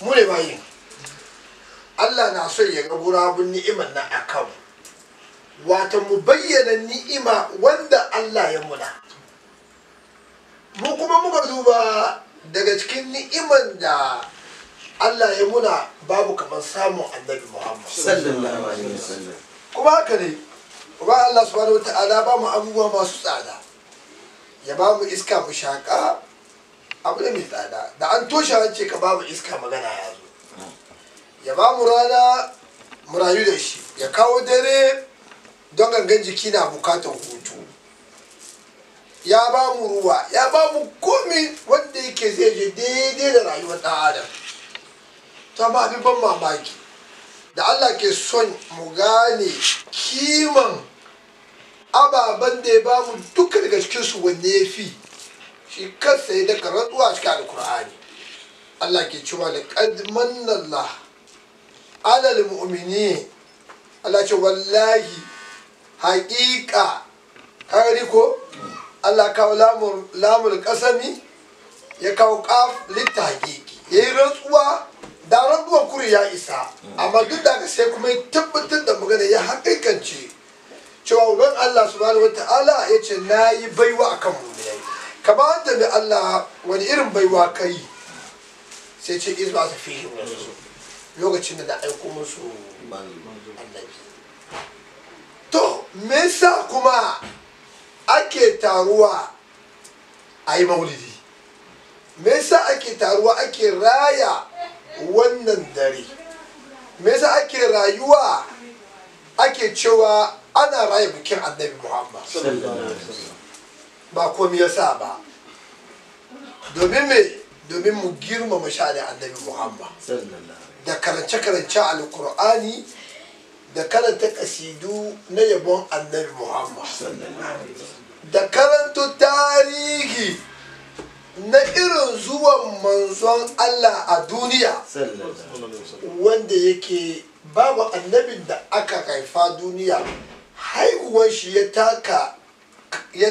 mu ne bayin Allah na so ya ga gurabun ni'imar na akan wata mu bayyana ni'ima wanda Allah ya muna mu kuma muka duba daga cikin ni'iman da Allah ya muna babu kamar samun annabi Muhammad sallallahu alaihi wasallam kuma haka ne ba Allah subhanahu wata'ala ba mu abubuwa masu tsada ya ba mu iska mu shaka abu ne mai tsada da an toshe ce ka babu iska magana ya zo ya ba mu rana mu rayu da shi ya kawo dare don gangan jiki na bukatar hutu ya ba mu ruwa ya ba mu komi wanda yake zai je daidai da rayuwar ɗan adam ta ba abin ban mamaki da allah ke son mu gane kiman ababen da ya ba mu duka daga cikinsu wanne ya fi shi kansa ya daga rantsuwa cikin alkur'ani Allah ke cewa da ƙadman Allah alal mu'mini Allah ce wallahi haƙiƙa an ko Allah kawo lamul ƙasami ya kawo ƙaf litta haƙiƙi ya yi rantsuwa da rantsuwa kuri ya isa amma duk da sai kuma ya tabbatar da magana ya haƙiƙance cewa uban Allah subhanahu wa ta'ala ya ce na yi baiwa akan mu'minai ka ba da bi Allah wani irin baiwa kai sai ce iz ba fihi lokacin da na aiko musu annabi to me sa kuma ake taruwa a yi maulidi me sa ake taruwa ake raya wannan dare me sa ake rayuwa ake cewa ana raya bikin annabi muhammad ba komi ya sa ba domin mai domin mu girmama sha'anin annabi muhammad da karance-karance alkur'ani da karanta kasidu na yabon annabi muhammad da karanta tarihi na irin zuwan manzon allah a duniya wanda yake babu annabin da aka haifa duniya haihuwar shi ya taka ya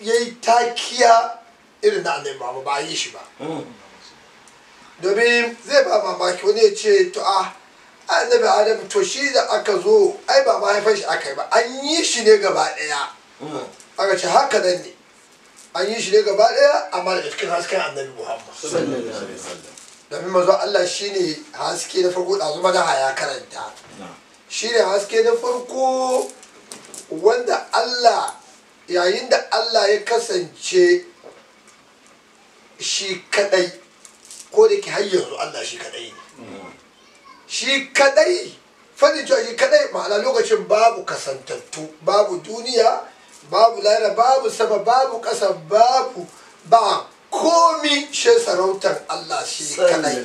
yi takiya irin na annabi Muhammad ba a yi shi ba hmm. domin zai ba mamaki wani ya ce to a ah, annabi adam to shi da aka zo ai ba mahaifar shi aka yi ba an yi shi ne gaba hmm. aka ce haka nan ne an yi shi ne gaba amma da cikin hasken annabi Muhammad domin mazo Allah shi ne haske na farko da zuma da haya karanta shi ne haske na farko wanda Allah yayin da Allah ya kasance shi kadai ko da ke har Allah shi kadai ne shi kadai fadin shi kadai ma'ana lokacin babu kasantattu babu duniya babu lara babu saba, babu kasa babu ba komi shi sarautar Allah shi kadai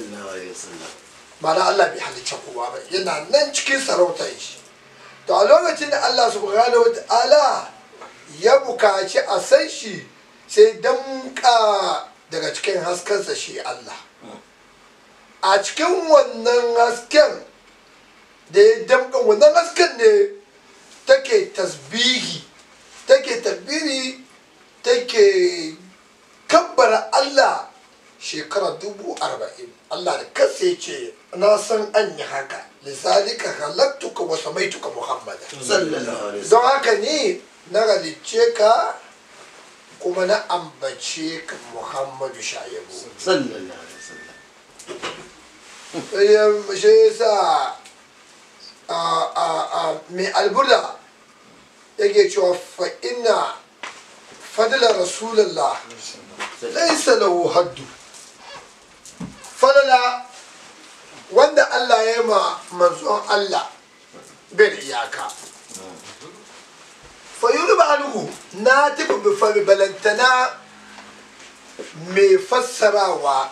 ma'ana Allah bai halicci kowa ba yana nan cikin sarautar shi to a lokacin da Allah subhanahu wa ta'ala ya bukaci a san shi sai damka daga cikin haskensa shi Allah a cikin wannan hasken da ya damka wannan hasken ne take tasbihi take tabiri take kabbara Allah shekara dubu arba'in Allah da kansa ya ce na san an yi haka lizalika wasa wa samaituka muhammad don haka ni na halicce ka kuma na ambace ka muhammadu shayabu a shi yasa mai alburda yake cewa ina fadila rasulallah laisa lahu haddu falala wanda Allah ya yi ma manzon Allah bai da iyaka fa yurba na natibu bi farbalantana mai fassarawa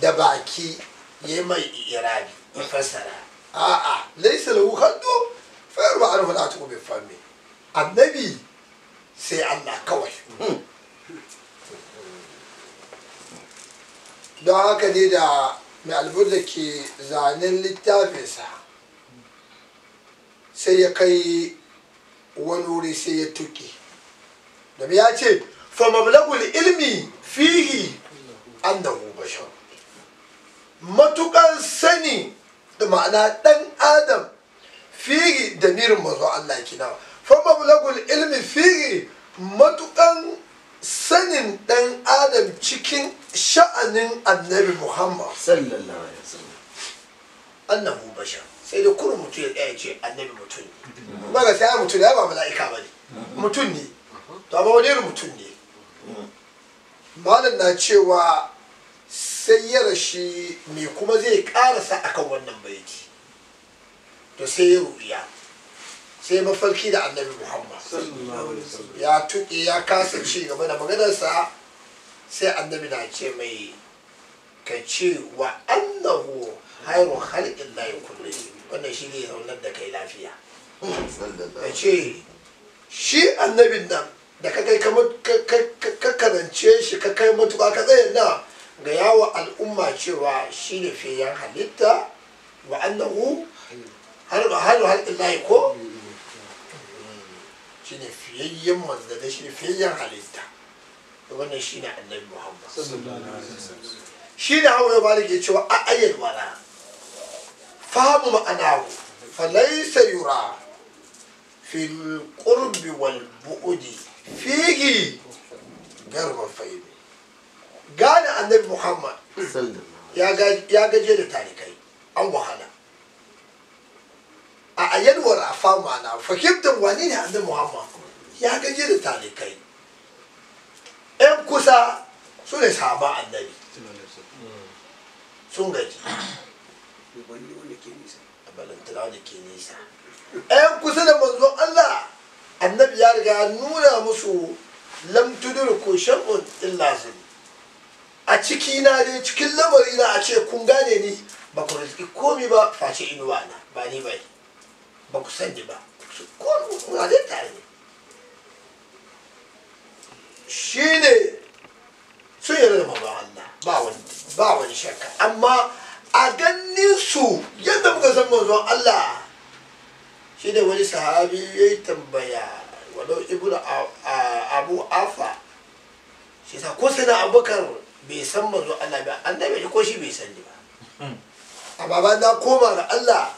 da baki Ya yayi mai irabi fassara a'a laysa lahu khaddu fa yurba anhu natibu bi fami annabi sai Allah kawai don haka ne da mai alburda ke zanen littafinsa sai ya kai wani wuri sai ya tuki da ya ce fa mablagul ilmi fihi annahu bashar matukan sani da ma'ana dan adam fihi da mirin mazo Allah kina fa mablagul ilmi fihi matukan sanin dan adam cikin sha'anin annabi Muhammad sallallahu alaihi wasallam annahu bashar sai da kurin mutum ya tsaya ce annabi mutum ne ba ga sai mutum ne ba mala'ika ba ne mutum ne to amma wani irin mutum ne malam na cewa sai ya rashi me kuma zai karasa akan wannan baiti to sai ya ruya sai mafarki da annabi muhammad ya tuƙe ya kasa ci gaba da maganarsa sai annabi na ce mai ka ce wa annahu hayru halƙin layin kullum wannan shi ne zaunar da kai lafiya da ce shi annabin nan da ka kai ka shi ka kai matuƙa ka tsaye na ga yawo al'umma cewa shi ne fiyan halitta wa annahu halu halƙillahi ko shi ne fiyayyen da shi ne fiyayyen halitta wannan shi ne annabi muhammad shi ne hawa ya da ke cewa a ayyar wala fahimu ma'anahu falaisa yura bu'udi fihi garban gane annabi muhammad ya gaje da tarikai an wahala a ayyarwar a famu ana fahimtar wane ne annabi muhammad ya gaje da talikai yan kusa su ne sahaba annabi sun gaji balle wanda ke nisa a balantana wanda ke nisa ɗayan kusa da manzon Allah annabi ya riga nuna musu lam tudurku shar'un illa zul a ciki na dai cikin lamari na a ce kun gane ni ba ku rizki komi ba face inuwa na ba ni bai ba ku sani ba ko muna dai tare ne shi ne sun yarda da manzon Allah ba wani shakka amma a ganni su yadda muka san mazuwan Allah shi da wani sahabi ya yi tambaya wadau da abu afa shi sa ko sai abokan bai san mazuwan Allah ba annabi ko shi bai san ba a baba na koma ga Allah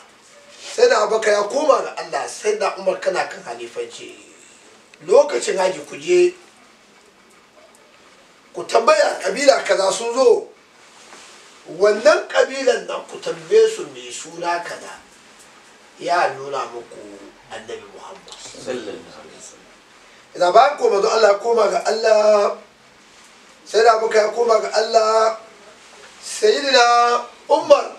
sai da abokan ya koma ga Allah sai da umar kana kan halifanci lokacin haji ku je ku tambaya kabila kaza sun zo wannan ƙabilan nan ku tambaye su mai suna kaza ya nuna muku annabi muhammad idan bayan koma don allah koma ga allah sai da muka ya koma ga allah sayidina umar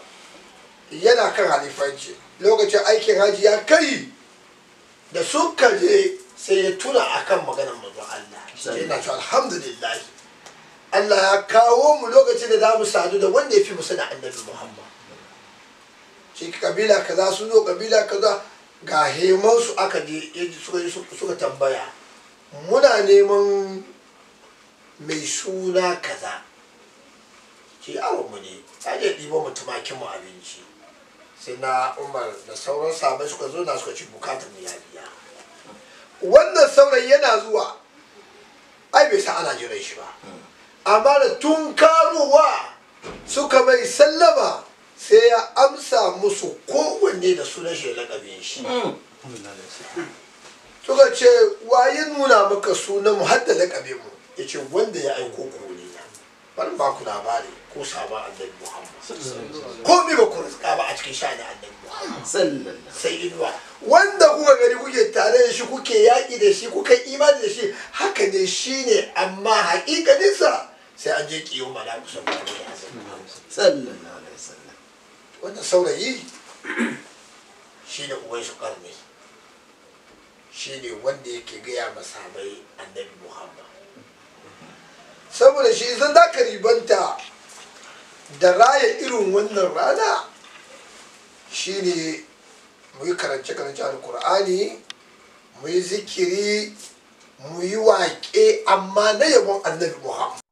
yana kan halifanci lokacin aikin haji ya kai da suka je sai ya tuna akan maganar mazan allah yana cewa alhamdulillah Allah ya kawo mu lokacin da za mu sadu da wanda ya fi mu sani annabi Muhammad shi kabila kaza sun zo kabila kaza ga su aka je suka tambaya muna neman mai suna kaza awo mu ne ta je ɗiba mu tumakin mu abinci sai na umar da sauran sabai suka zo na suka ci bukatar mu yabiya wannan saurayi yana zuwa ai bai sa ana jiran shi ba amma da tunkarowa suka mai sallama sai ya amsa musu kowanne da sunan shi lakabin shi mm. suka ce waye nuna maka sunan mu hadda kabin mu ya ce wanda ya aiko ku ne bari ba ku labari ko saba annabi muhammad ko bi ba ku rizka ba a cikin sha'ani annabi muhammad sai inuwa wanda kuka gari kuke tare da shi kuke yaƙi da shi kuka imani da shi haka ne shine amma haƙiƙaninsa sai an je kiyo ma na kusan sallallahu alaihi wasallam wannan saurayi shi shine uban shi karni shine wanda yake gaya masahabai annabi muhammad saboda shi zan za ka ribanta da raya irin wannan rana Shi ne mu yi karance-karance a alkur'ani mu yi zikiri mu yi waƙe amma na yabon annabi muhammad